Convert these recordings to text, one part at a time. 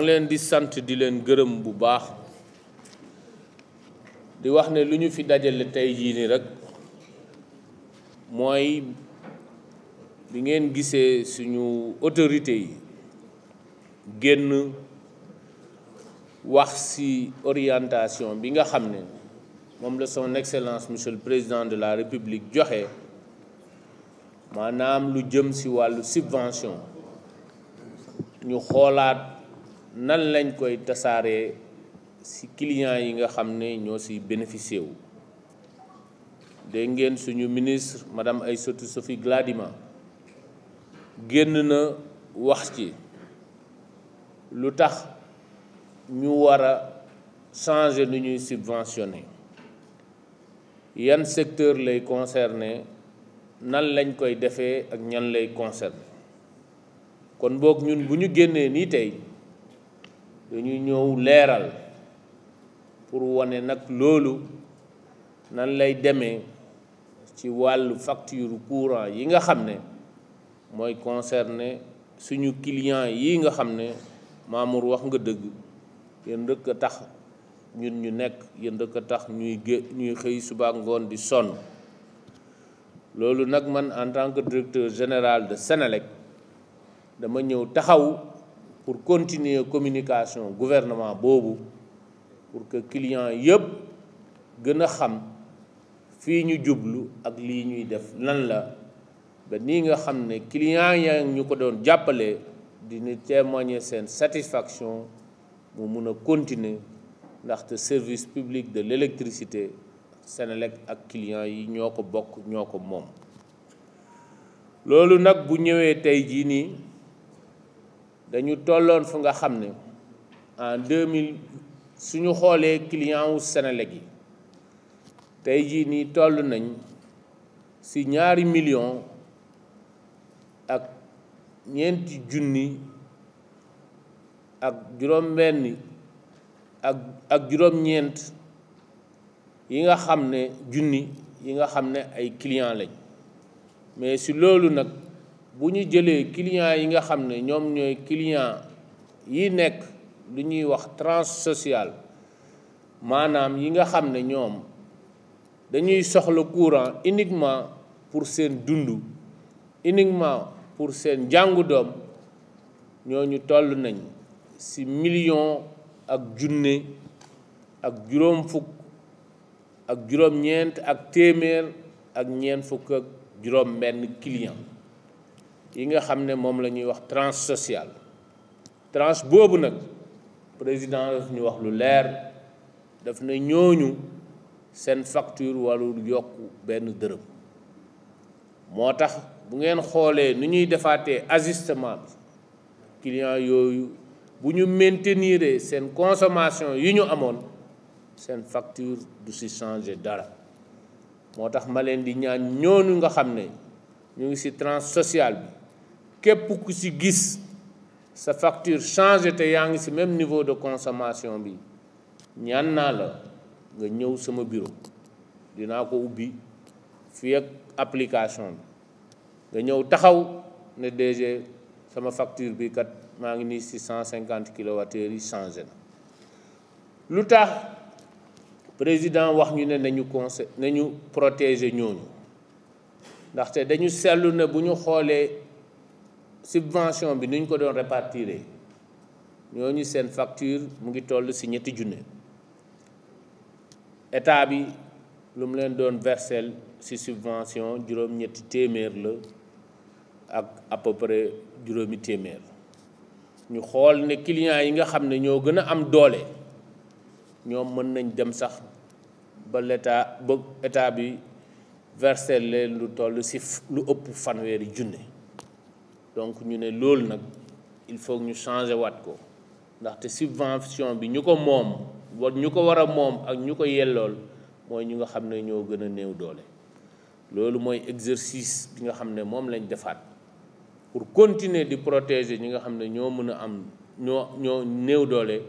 ngi leen di sant di leen gërëm bu baax di wax ne lu ñu fi dajale tey jii nii rek mooy bi ngeen gisee suñu autorité yi génn wax ci orientation bi nga xam ne moom la son excellence monsieur le président de la république joxe maanaam lu jëm ci wàllu subvention ñu xoolaat nan lañ koy tasaaree ci client yi nga xam ne ñoo ci bénéficier wu dégg ngeen suñu ministre madame Aïssatou Sophie gladiment génn na wax ci lu tax ñu war a changer nu ñuy subventionner yan secteur lay concerner nan lañ koy defee ak ñan lay concerner kon boog ñun bu ñu génnee nii tey dañu ñëw leeral pour wane nag loolu nan lay demee ci wàllu facture courant yi nga xam ne mooy concerné suñu client yi nga xam ne Mamour wax nga dëgg yéen rëkk a tax ñun ñu nekk yéen rëkk a tax ñuy gé ñuy xëy suba ngoon di sonn loolu nag man en tant que directeur général de Sénélec dama ñëw taxaw pour continuer communication gouvernement boobu pour que client yëpp gën a xam fii ñu jublu ak lii ñuy def lan la ba nii nga xam ne client yaa ñu ko doon jàppale dina témoigner seen satisfaction mu mun a continuer ndaxte service public de l'électricité Senelec ak client yi ñoo ko bokk ñoo ko moom loolu nag bu ñëwee tey jii nii dañu tolloon fu nga xam ne en 2000 suñu xoolee client wu Senelec yi tey jii nii toll nañ si ñaari million ak ñeenti junni ak juróom benn ak juróom-ñeent yi nga xam ne junni yi nga xam ne ay client lañ mais ci loolu nag bu ñu jëlee client yi nga xam ne ñoom ñooy client yi nekk lu ñuy wax transsocial maanaam yi nga xam ne ñoom dañuy soxla courant uniquement pour seen dund uniquement pour seen jàngu doom ñooñu toll nañ ci million ak junne ak juróom fukk ak juróom ñeent ak téeméer ak ñeent fukk ak juróom benn client yi nga xam ne moom la ñuy wax tranche social tranche boobu nag président daf ñu wax lu leer daf na ñooñu seen facture walul yokk benn dërëm moo tax bu ngeen xoolee nu ñuy defaatee ajustement bi client yooyu bu ñu maintenir seen consommation yi ñu amoon seen facture du si changer dara moo tax ma leen di ñaan ñooñu nga xam ne ñu ngi si tranche sociale bi képp ku ci gis sa facture changé te yaa ngi ci même niveau de consommation bi ñaan naa la nga ñëw sama bureau dinaa ko ubbi fii ak application bi nga ñëw taxaw ne DG sama facture bi kat maa ngi nii si cent cinquante kilowattheures yi changé na lu tax président wax ñu ne nañu conseil nañu protéger ñooñu ndaxte dañu seetlu ne bu ñu xoolee subvention bi ni ñu ko doon ñoo ñooñu seen facture mu ngi toll ci ñetti junne état bi lu mu leen doon versel ci subvention juróom-ñetti téeméer la ak à peu juróomi téeméer ñu xool ne clients yi nga xam ne ñoo gën a am doole ñoom mën nañ dem sax ba l'état ba état bi versel leen lu toll ci lu ëpp fanweeri junne donc ñu ne loolu nag il faut ñu changer waat ko ndaxte subvention bi ñu ko moom wa ñu ko war a moom ak ñu ko yellool mooy ñu nga xam ne ñoo gën a néew doole loolu mooy exercice bi nga xam ne moom lañ defaat pour continuer di protéger ñi nga xam ne ñoo mën a am ñoo ñoo néew doole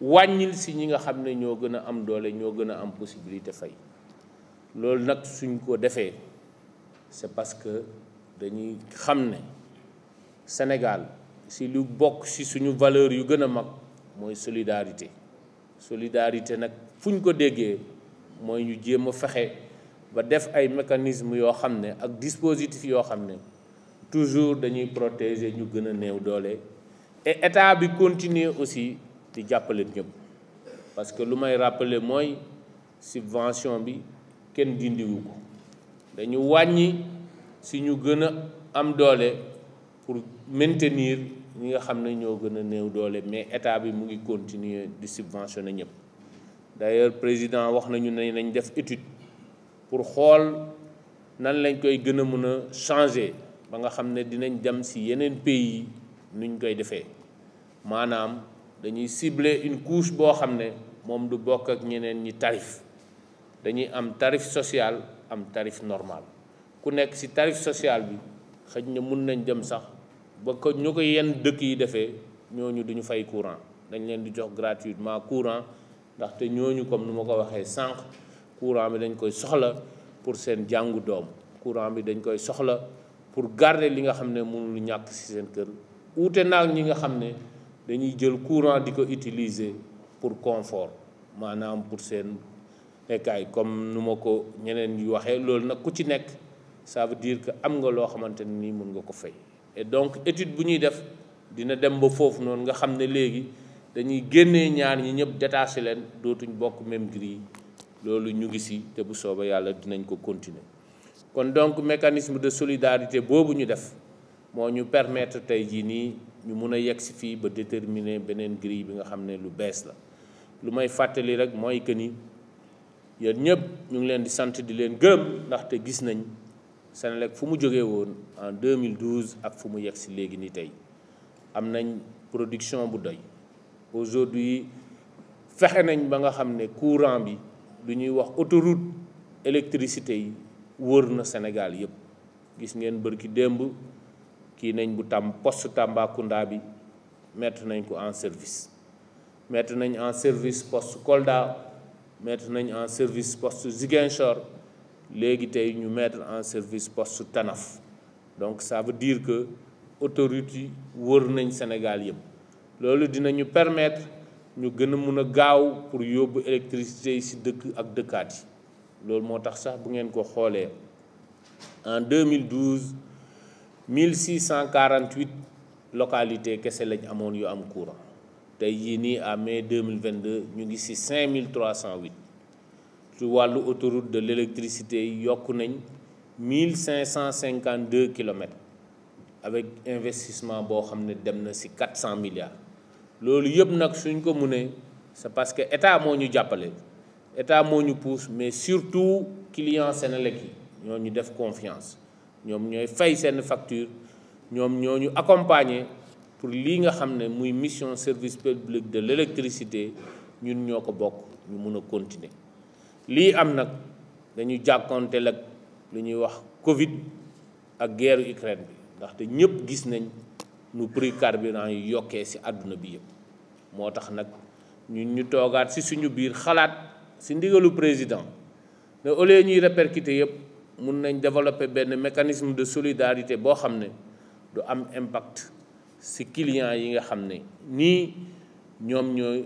wàññil si ñi nga xam ne ñoo gën a am doole ñoo gën a am possibilité fay loolu nag suñ ko defee c'est parce que dañuy xam ne Sénégal si lu bokk si suñu valeur yu gën a mag mooy solidarité solidarité nag fu ñu ko déggee mooy ñu jéem a fexe ba def ay mécanismes yoo xam ne ak dispositifs yoo xam ne toujours dañuy protéger ñu gën a néew doole te état bi continuer aussi di jàppaleen ñëpp parce que lu may rappeler mooy subvention bi kenn dindiwu ko dañu wàññi si ñu gën a am doole pour maintenir ñi nga xam ne ñoo gën a néew doole mais état bi mu ngi continuer di subventionner ñëpp d'ailleurs président wax nañu ne nañ def étude pour xool nan lañ koy gën a mën a changer ba nga xam ne dinañ dem ci yeneen pays nuñ koy defee maanaam dañuy cibler une couche boo xam ne moom du bokk ak ñeneen ñi tarif dañuy am tarif social am tarif normal ku nekk ci tarif social bi xëj na mën nañ dem sax ba ko ñu ko yenn dëkk yi defee ñooñu duñu fay courant dañ leen di jox gratuitement courant ndaxte ñooñu comme nu ma ko waxee sànq courant bi dañ koy soxla pour seen jàngu doom courant bi dañ koy soxla pour garder li nga xam ne mënul ñàkk si seen kër uute nag ñi nga xam ne dañuy jël courant di ko utiliser pour confort maanaam pour seen nekkaay comme nu ma ko ñeneen yu waxee loolu nag ku ci nekk ça veut dire que am nga loo xamante nii mun nga ko fay donc étude bu ñuy def dina dem ba foofu noonu nga xam ne léegi dañuy génne ñaar ñi ñëpp détaché leen dootuñ bokk même grille loolu ñu ngi si te bu sooba yàlla dinañ ko continuer kon donc mécanisme de solidarité boobu ñu def moo ñu permettre tey jii nii ñu mun a yegg si fii ba déterminer beneen grille bi nga xam ne lu bees la lu may fàttali rek mooy que ni yéen ñëpp ñu ngi leen di sant di leen gërëm ndaxte gis nañ Senelec fu mu jógee woon en 2012 ak fu mu yegg si léegi ni tey am nañ production bu doy aujourd'hui fexe nañ ba nga xam ne courant bi du ñuy wax autoroute électricité yi wër na Sénégal yëpp gis ngeen bër ki démb kii nañ bu tam poste Tambacounda bi mettre nañ ko en service mettre nañ en service poste Kolda mettre nañ en service poste Ziguinchor léegi tey ñu mettre en service poste Tanaf donc ça veut dire que autoroute yi wër nañ Sénégal yëpp loolu dinañu permettre ñu gën a mun a gaaw pour yóbbu électricité yi si dëkk ak dëkkaat yi loolu moo tax sax bu ngeen ko xoolee en 2012 1648 localités kese lañ amoon yu am courant tey jii nii à mai 2022 ñu ngi si 5308. ci wàllu autoroute de l'électricité yokk nañ mille cinq cent cinquante deux kilomètres avec investissement boo xam ne dem na si quatre cent milliards loolu yëpp nag suñ ko munee c'est parce que état moo ñu jàppale état moo ñu pousse mais surtout client Sénélec yi ñoo ñu def confiance ñoom ñooy fay seen facture ñoom ñoo ñu accompagner pour lii nga xam ne muy mission service public de l'électricité ñun ñoo ko bokk ñu mun a continuer lii am nag dañu jàkkoonteel ak lu ñuy wax Covid ak guerre Ukraine bi ndaxte ñëpp gis nañ nu prix carburant yu yokkee ci àdduna bi yëpp moo tax nag ñu ñu toogaat ci suñu biir xalaat ci ndigalu président ne au lieu ñuy répercuter yëpp mun nañ développer benn mécanisme de solidarité boo xam ne du am impact ci clients yi nga xam ne nii ñoom ñooy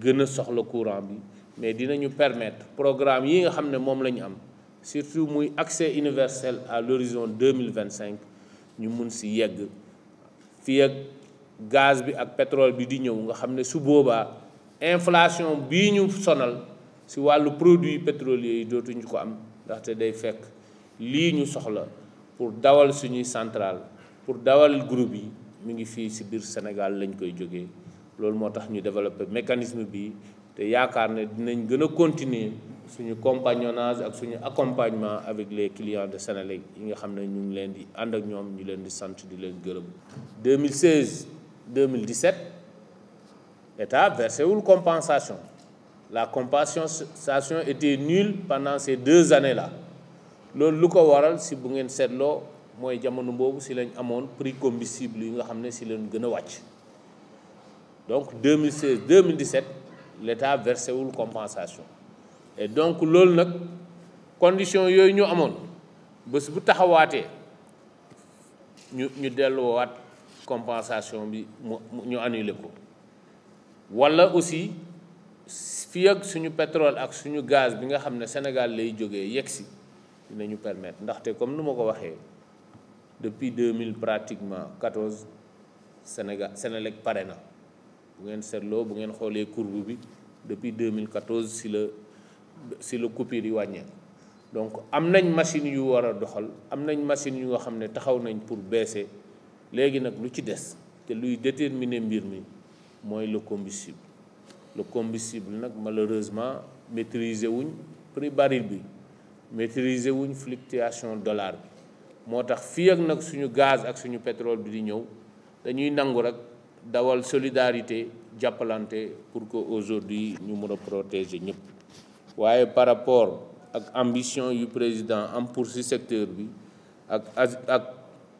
gën a soxla courant bi mais dinañu permettre programme yi nga xam ne moom la ñu am surtout muy accès universel à l'horizon 2025 ñu mun si yegg fi ak gaz bi ak pétrole bi di ñëw nga xam ne su boobaa inflation bii ñu sonal si wàllu produit pétrolier yi dootuñu ko am ndaxte day fekk lii ñu soxla pour dawal suñuy centrale pour dawal groupe yi mu ngi fii si biir Sénégal lañ koy jóge loolu moo tax ñu développé mécanisme bii te yaakaar ne dinañ gën a continuer suñu compagnonnage ak suñu accompagnement avec les clients de Sénélec yi nga xam ne ñu ngi leen di ànd ak ñoom ñu leen di sant di leen gërëm 2016 2017 état versé wul compensation la compensation était nulle pendant ces deux années la loolu lu ko waral si bu ngeen seetloo mooy jamono boobu si lañ amoon prix combustible yi nga xam ne si leen gën a wàcc donc 2016 2017 l'État versé wul compensation et donc loolu nag condition yooyu ñu amoon bés bu taxawaatee ñu ñu delluwaat compensation bi mu ñu annulé ko walla aussi fii ak suñu pétrole ak suñu gaz bi nga xam ne Sénégal lay jógee yegsi ñu permettre ndaxte comme nu ma ko waxee depuis mille pratiquement 14 Sénégal Sénélec pare na. bu ngeen seetloo bu ngeen xoolee courbe bi depuis 2014 si la si la coupure yi wàññeeku donc am nañ machine yu war a doxal am nañ machine yu nga xam ne taxaw nañ pour baisser léegi nag lu ci des te luy déterminer mbir mi mooy le combustible le combustible nag malheureusement maîtriser wuñ prix baril bi maîtriser wuñ fluctuation dollar bi moo tax fii ak nag suñu gaz ak suñu pétrole bi di ñëw dañuy nangu rek dawal solidarité jàppalante pour que aujourd'hui ñu mën a protéger ñëpp waaye par rapport ak ambition yu président am pour si secteur bi ak ak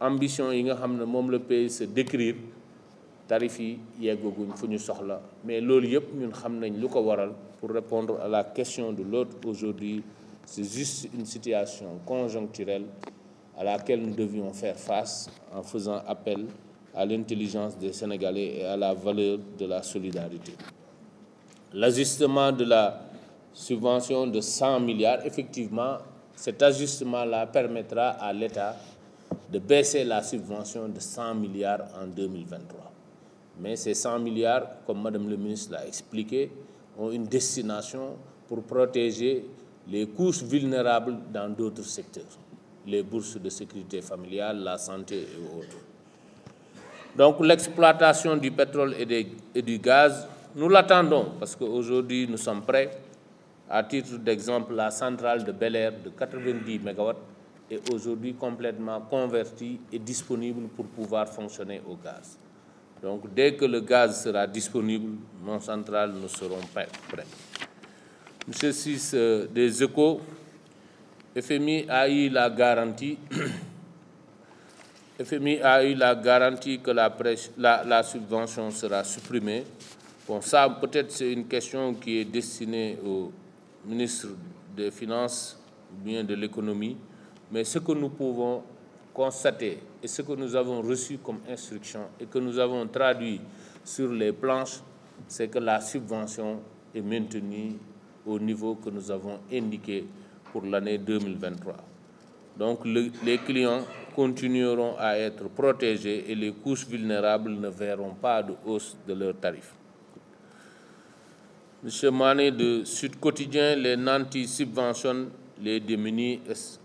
ambition yi nga xam ne moom la PSE décrire tarif yi yeggaguñ fu ñu soxla mais loolu yëpp ñun xam nañ lu ko waral pour répondre à la question de l'autre aujourd'hui c'est juste une situation conjoncturelle à laquelle nous devions faire face en faisant appel à l'intelligence des et à la valeur de la solidarité. L'ajustement de la subvention de 100 milliards, effectivement, cet ajustement-là permettra à l'État de baisser la subvention de 100 milliards en 2023. Mais ces 100 milliards, comme Madame le ministre l'a expliqué, ont destination pour protéger les couches vulnérables dans d'autres secteurs, les bourses de sécurité familiale, la santé Donc l'exploitation du pétrole et, des, et, du gaz, nous l'attendons parce qu'aujourd'hui nous sommes prêts. À titre d'exemple, la centrale de Bel Air de 90 MW est aujourd'hui complètement convertie et disponible pour pouvoir fonctionner au gaz. Donc dès que le gaz disponible, nos centrales nous euh, des échos, la garantie FMI a eu la garantie que la, prêche, la, la subvention sera supprimée. Bon, ça peut-être c'est une question qui est destinée au ministre des Finances bien de l'économie, mais ce que nous pouvons constater et ce que nous comme instruction et que sur les planches, c'est que la subvention est maintenue au niveau que nous avons indiqué pour l'année 2023. Donc le, les clients continueront à être protégés et les couches vulnérables ne verront pas de hausse de leurs tarifs. Monsieur Mané de Sud Quotidien, les nantis subventionnent les démunis,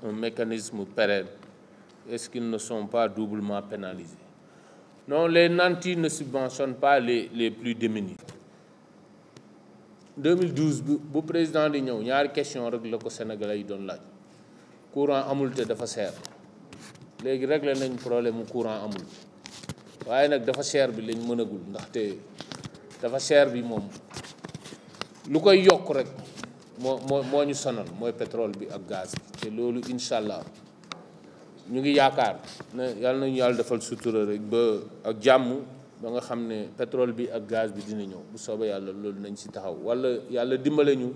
un mécanisme pérenne Est-ce qu'ils ne sont pas doublement pénalisés Non, les nantis ne subventionnent pas les, les plus démunis. 2012 bu président di ñëw ñaari question rek la ko doon laaj courant amul te dafa seer léegi réglé nañ problème mu courant amul waaye nag dafa seer bi lañ mënagul ndaxte dafa seer bi moom lu koy yokk rek moo moo moo ñu sonal mooy pétrole bi ak gaz bi te loolu incha allah ñu ngi yaakaar ne yàlla nañu yàlla defal sutura rek ba ak jàmm ba nga xam ne pétrole bi ak gaz bi dina ñëw bu soobee yàlla loolu nañ si taxaw walla yàlla dimbale ñu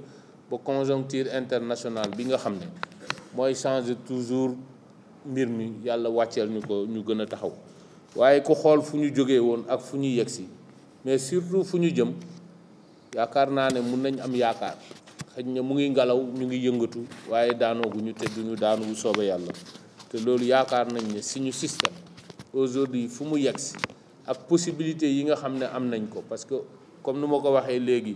ba conjoncture internationale bi nga xam ne mooy changer toujours mbir mi yàlla wàcceel ñu ko ñu gën a taxaw waaye ku xool fu ñu jógee woon ak fu ñu yegg si mais surtout fu ñu jëm yaakaar naa ne mun nañ am yaakaar xëj na mu ngi ngelaw ñu ngi yëngatu waaye daanooguñu te duñu daanu wu sooba yàlla te loolu yaakaar nañ ne suñu système aujourd'hui fu mu yegg si ak possibilité yi nga xam ne am nañ ko parce que comme nu ma ko waxee léegi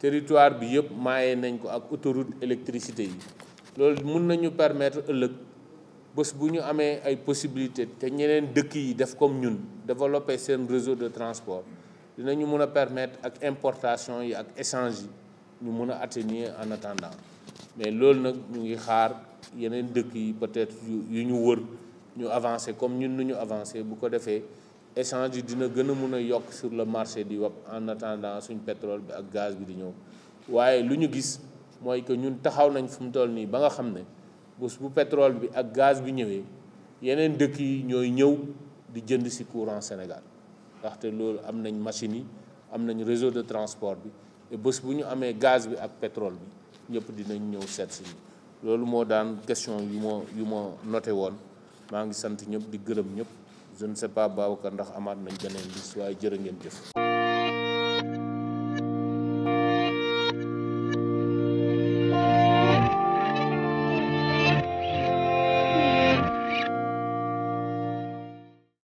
territoire bi yëpp maaye nañ ko ak autoroute électricité yi loolu mun nañu permettre ëllëg bés bu ñu amee ay possibilité te ñeneen dëkk yi def comme ñun développer seen réseau de transport dinañu mun a permettre ak importation yi ak échange yi ñu mun a atténuer en attendant mais loolu nag ñu ngi xaar yeneen dëkk yi peut-être yu ñu wër ñu avancer comme ñun nu ñu avancer bu ko defee échange yi dina gën a mun a yokk sur le marché di wap en attendant suñ pétrole bi ak gaz bi di ñëw waaye lu ñu gis mooy que ñun taxaw nañ fu mu toll nii ba nga xam ne bés bu pétrole bi ak gaz bi ñëwee yeneen dëkk yi ñooy ñëw di jënd ci courant Sénégal ndaxte loolu am nañ machine yi am nañ réseau de transport bi te bés bu ñu amee gaz bi ak pétrole bi ñëpp dinañ ñëw seet si loolu moo daan question yu ma yu ma noté woon maa ngi sant ñëpp di gërëm ñëpp je ne sais pas Babacar ndax amaat nañ beneen bis waaye jërë ngeen jëf